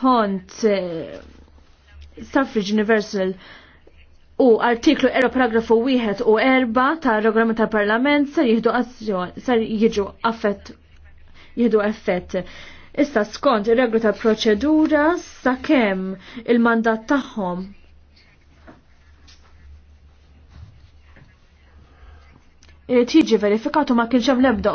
Kont eh, suffrage universal U artiklu 4 paragrafu 1 u 4 ta' regolament tal parlament sar jihdu azzjon, sar jiġu affett, jihdu effett. Issa skont ir-reglu tal proċedura sa' kem il-mandat tagħhom tiġi verifikatu ma kienx hemm l